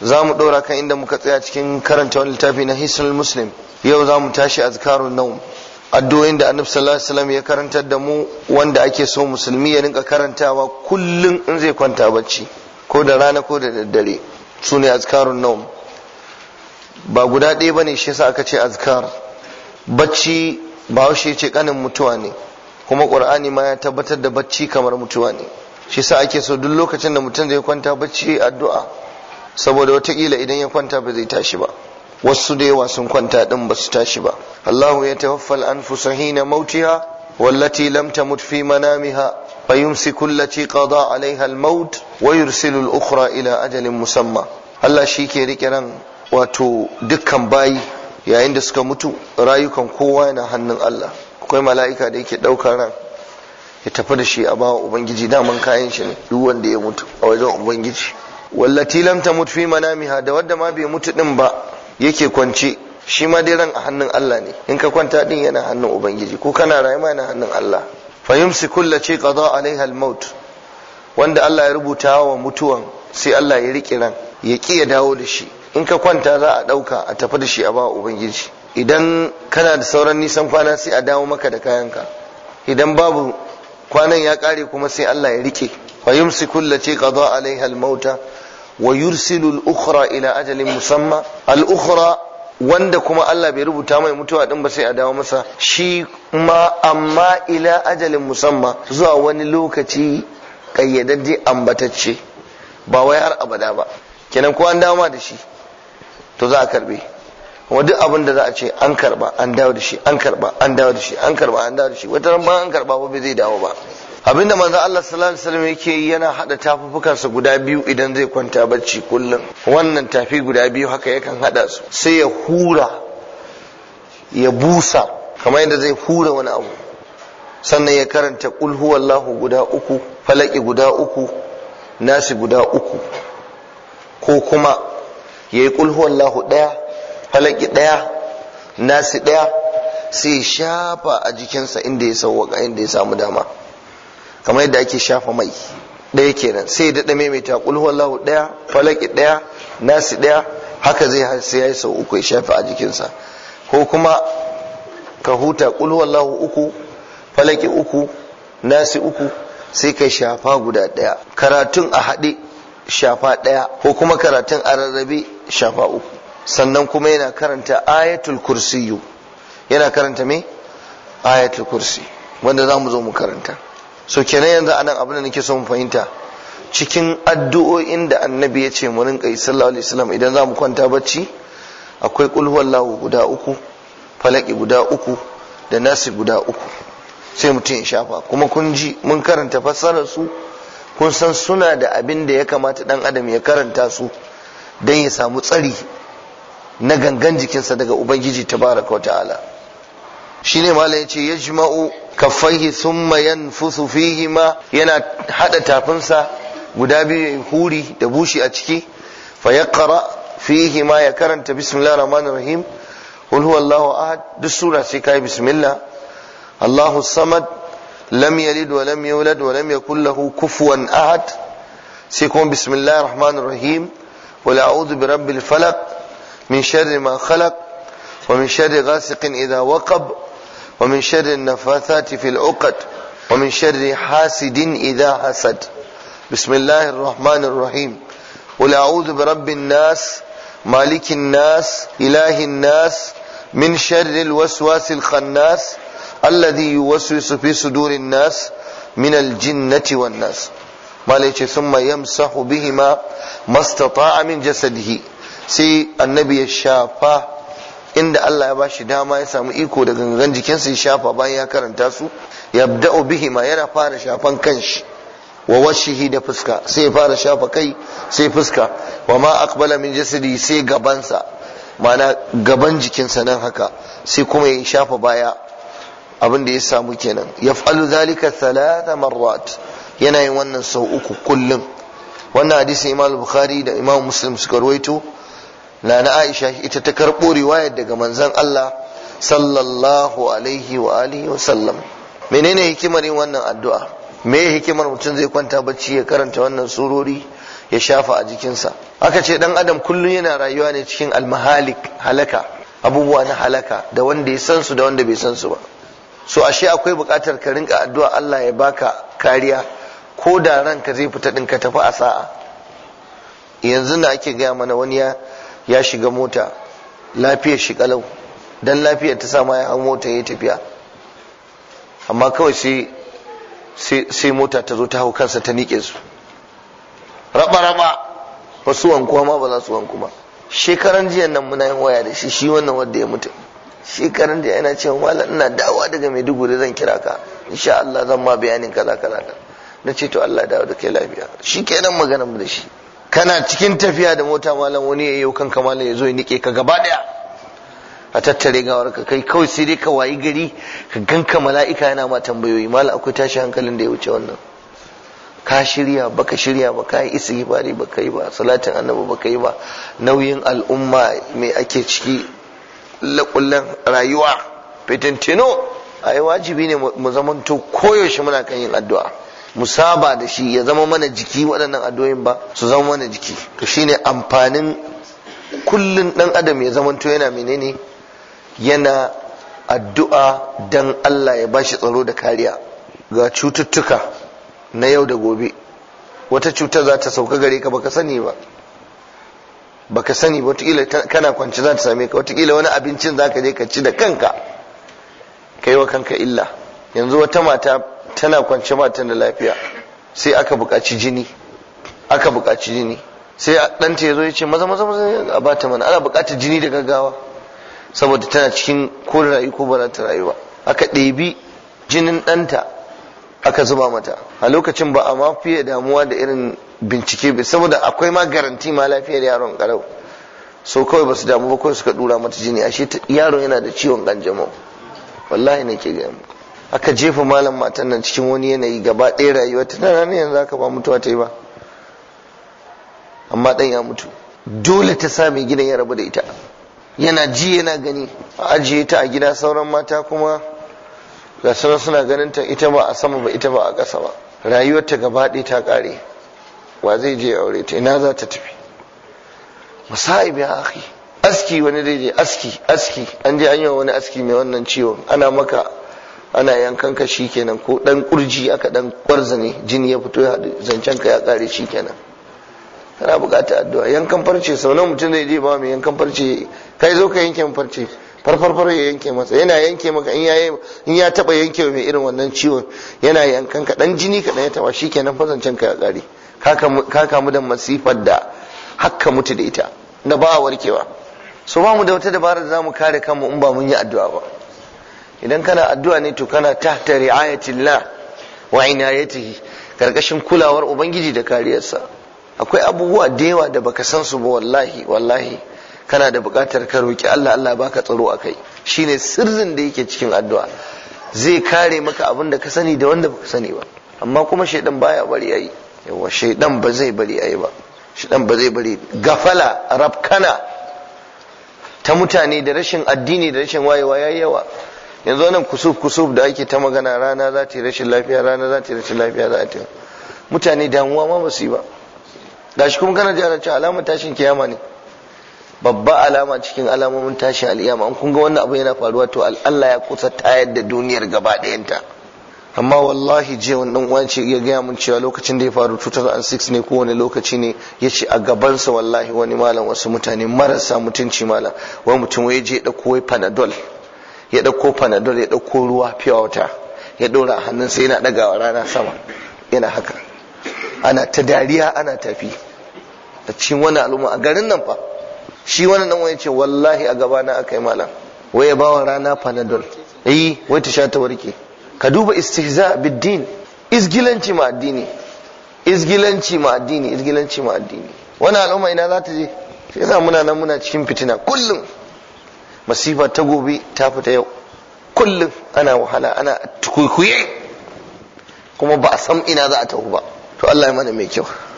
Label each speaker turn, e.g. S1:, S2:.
S1: za mu ɗora kan inda muka tsaya cikin karanta wani littafi na hisnul muslim yau za mu tashi zikarun naum addu'o'in da annabi sallallahu ya karantar da mu wanda ake so musulmi ya rinka karantawa kullum in zai kwanta bacci ko da rana ko da daddare su ne azkarun naum ba guda ɗaya bane shi yasa aka ce azkar bacci ba shi ce kanin mutuwa ne kuma qur'ani ma ya tabbatar da bacci kamar mutuwa ne shi yasa ake so duk lokacin da mutum zai kwanta bacci addu'a saboda watakila idan ya kwanta ba zai tashi ba wasu da yawa sun kwanta din ba su tashi ba Allahu ya tawaffal anfusa hina mautiha wallati lam tamut fi manamiha fayumsiku allati qada alaiha almaut wa yursilu al ila ajalin musamma Allah shi ke rike ran wato dukkan bayi yayin da suka mutu rayukan kowa yana hannun Allah akwai mala'ika da yake ɗaukar ran ya tafi da shi a bawa ubangiji daman kayan shi ne duk wanda ya mutu a wajen ubangiji wallati lam tamut fi manamiha da wadda ma bai mutu din ba yake kwance shi ma dai ran a hannun Allah ne in ka kwanta din yana hannun ubangiji ko kana rayuwa yana hannun Allah fayumsi yumsiku qada alaiha almaut wanda Allah ya rubuta wa mutuwan sai Allah ya rike ran ya ki ya dawo da shi in ka kwanta za a ɗauka a tafi da shi a ba ubangiji idan kana da sauran nisan kwana sai a dawo maka da kayanka idan babu kwanan ya kare kuma sai Allah ya rike fayumsi yumsiku allati qada alaiha almauta wa yursilu al-ukhra ila ajalin musamma al-ukhra wanda kuma Allah bai rubuta mai mutuwa din ba sai a dawo masa shi ma amma ila ajalin musamma zuwa wani lokaci kayyadadde ambatacce ba wai har abada ba kenan ko an dawo da shi to za a karbe kuma duk abin da za a ce an karba an dawo da shi an karba an dawo da shi an karba an dawo da shi wata ran ba an karba ba zai dawo ba abinda manzo Allah sallallahu alaihi wasallam yake yi yana hada tafufukansa guda biyu idan zai kwanta bacci kullum wannan tafi guda biyu haka yakan hada su sai ya hura ya busa kamar yadda zai hura wani abu sannan ya karanta kul huwallahu guda uku falaki guda uku nasi guda uku ko kuma ya yi kul huwallahu daya falaki daya nasi daya sai shafa a jikinsa inda ya sauwaka inda ya samu dama kamar yadda ake shafa mai ɗaya kenan sai da ɗame mai ta kulhu ɗaya falaki ɗaya nasi ɗaya haka zai sai ya yi sau uku ya shafa a jikinsa ko kuma ka huta kulhu wallahu uku falaki uku nasi uku sai ka shafa guda ɗaya karatun a haɗe shafa ɗaya ko kuma karatun a rarrabe shafa uku sannan kuma yana karanta ayatul kursiyu yana karanta mai ayatul kursi wanda za mu zo mu karanta so kenan yanzu anan abin da nake so mu fahimta cikin addu'o'in da annabi ya ce mu rinka yi sallallahu alaihi wasallam idan za mu kwanta bacci akwai qul huwallahu guda uku falaki guda uku da nasi guda uku sai mutum ya shafa kuma kun ji mun karanta fassarar su kun san suna da abin da ya kamata dan adam ya karanta su dan ya samu tsari na gangan jikinsa daga ubangiji tabaraka wa ta'ala shine malam ya ce yajma'u kaffaihi thumma yanfusu fihima yana hada tafinsa guda biyu huri da bushi a ciki fa yaqra fihima ya karanta bismillahir rahman rahim qul huwallahu ahad duk sura sai kai bismillah Allahu samad lam yalid wa lam yulad wa lam yakul lahu kufuwan ahad sai kuma bismillahir rahmanir rahim qul a'udhu birabbil falaq min sharri ma khalaq wa min sharri ghasiqin idha waqab ومن شر النفاثات في العقد ومن شر حاسد إذا حسد بسم الله الرحمن الرحيم قل أعوذ برب الناس مالك الناس إله الناس من شر الوسواس الخناس الذي يوسوس في صدور الناس من الجنة والناس مالك ثم يمسح بهما ما استطاع من جسده سي النبي الشافاه inda Allah ya bashi dama ya samu iko da gangan jikinsa ya shafa bayan ya karanta su Ya bihi ma yana fara shafan kanshi wa washihi da fuska sai ya fara shafa kai sai fuska wa ma aqbala min jasadi sai gabansa mana gaban jikinsa nan haka sai kuma ya shafa baya abin da ya samu kenan Ya yaf'alu zalika thalatha marrat yana yin wannan sau uku kullum wannan hadisi imam bukhari da imam muslim suka ruwaito nana aisha ita ta karɓo riwayar daga manzon Allah sallallahu alaihi wa alihi wa sallam menene hikimar yin wannan addu'a me hikimar mutum zai kwanta bacci ya karanta wannan surori ya shafa a jikinsa aka ce dan adam kullum yana rayuwa ne cikin almahalik halaka abubuwa na halaka da wanda ya san su da wanda bai san su ba so ashe akwai buƙatar ka rinka addu'a Allah ya baka kariya ko da ranka zai fita din ka tafi a sa'a yanzu na ake gaya mana wani ya ya shiga mota lafiyar shi kalau don lafiyar ta sama ya mota ya tafiya amma kawai sai sai mota ta zo ta hau kansa ta nike su raba raba ba su wanku ma ba za su wanku ba shekaran jiya nan muna yin waya da shi shi wannan wanda ya mutu shekaran da yana cewa malam ina dawowa daga Maiduguri zan kira ka insha Allah zan ma bayanin kaza kaza na ce to Allah dawo da kai lafiya shi kenan maganar mu da shi kana cikin tafiya da mota malam wani yi kan ka malam ya zo ya nike ka gaba daya a tattare gawar ka kai kawai sai dai ka wayi gari ka ganka mala'ika yana ma tambayoyi malam akwai tashi hankalin da ya wuce wannan ka shirya baka shirya ba ka yi istighfari ba kai ba salatin annabi ba kai ba nauyin al'umma mai ake ciki lakullan rayuwa fitintino ai wajibi ne mu zamanto koyaushe muna kan yin addu'a musaba da shi ya zama mana jiki waɗannan addu'o'in ba su zama mana jiki to shine amfanin kullun ɗan adam ya zamanto yana menene yana addu'a dan Allah ya bashi tsaro da kariya ga cututtuka na yau da gobe wata cuta za ta sauka gare ka baka sani ba baka sani ba wataƙila kana kwanci za ta same ka wataƙila wani abincin za ka je ka ci da kanka kai wa kanka illa yanzu wata mata tana kwance matan da lafiya sai aka buƙaci jini aka buƙaci jini sai ɗanta ya zo ya ce maza maza maza a bata mana ana buƙatar jini da gaggawa saboda tana cikin ko rayu ko ba ta rayuwa aka ɗebi jinin ɗanta aka zuba mata a lokacin ba a ma fiye damuwa da irin bincike bai saboda akwai ma garanti ma lafiyar yaron ƙarau so kawai ba su damu ba kawai suka ɗura mata jini ashe yaron yana da ciwon ƙanjamau wallahi nake gaya muku aka jefa malam matan nan cikin wani yanayi gaba ɗaya rayuwa ta ne yanzu aka ba mutuwa ta yi ba amma ɗan ya mutu dole ta sa mai gidan ya rabu da ita yana ji yana gani a ajiye ta a gida sauran mata kuma ga sauran suna ganin ta ita ba a sama ba ita ba a ƙasa ba Rayuwarta ta gaba ɗaya ta ƙare wa zai je ya aure ta ina za ta tafi musa'ib ya aski wani daidai aski aski an je an yi wani aski mai wannan ciwon ana maka ana yankan ka shikenan ko dan kurji aka dan kwarza ne jini ya fito ya zancen ka ya kare shikenan kana bukata addu'a yankan farce sau nan mutum zai je ba mai yankan farce kai zo ka yanke farce farfarfar ya yanke masa yana yanke maka in ya in ya taba yanke mai irin wannan ciwon yana yankan ka dan jini ka dan ya taba shikenan fa zancen ka ya kare ka kamu da masifar da hakka mutu da ita da ba warkewa so ba mu da wata dabara da zamu kare kanmu in ba mun yi addu'a ba idan kana addu'a ne to kana tahta ri'ayatillah wa inayatihi karkashin kulawar ubangiji da kariyarsa akwai abubuwa da yawa da baka san su ba wallahi wallahi kana da buƙatar ka roki Allah Allah baka tsaro akai shine sirrin da yake cikin addu'a zai kare maka abin da ka sani da wanda baka sani ba amma kuma shaidan baya bari yayi yawa shaidan ba zai bari yayi ba shaidan ba zai bari gafala rabkana ta mutane da rashin addini da rashin wayewa yayi yawa yanzu nan kusuf kusuf da ake ta magana rana za ta yi rashin lafiya rana za ta yi rashin lafiya za ta yi mutane damuwa ma ba su yi ba shi kuma kana jihar cewa alamar tashin kiyama ne babba alama cikin alamomin tashin al'iyama an kun ga wannan abu yana faruwa to Allah ya kusa tayar da duniyar gaba ɗayanta amma wallahi je wannan uwan ce ya gaya mun cewa lokacin da ya faru 2006 ne ko wani lokaci ne ya ce a gabansa wallahi wani malam wasu mutane marasa mutunci malam wani mutum ya je da wai panadol ya ɗauko fanadol ya ɗauko ruwa pure wata ya ɗora hannun sai yana ɗagawa rana sama yana haka ana ta dariya ana tafi a cikin wani al'umma a garin nan fa shi wani nan wani ce wallahi a gaba gabana aka yi malam wai ya bawa rana panadol eh wai ta sha ta warke ka duba istihza biddin izgilanci ma addini izgilanci ma addini izgilanci ma addini wani al'umma ina za ta je sai yasa muna nan muna cikin fitina kullum masifa ta gobe ta fita yau kullum ana wahala ana tukukuye kuma ba a san ina za a tafi ba to Allah ya mana mai kyau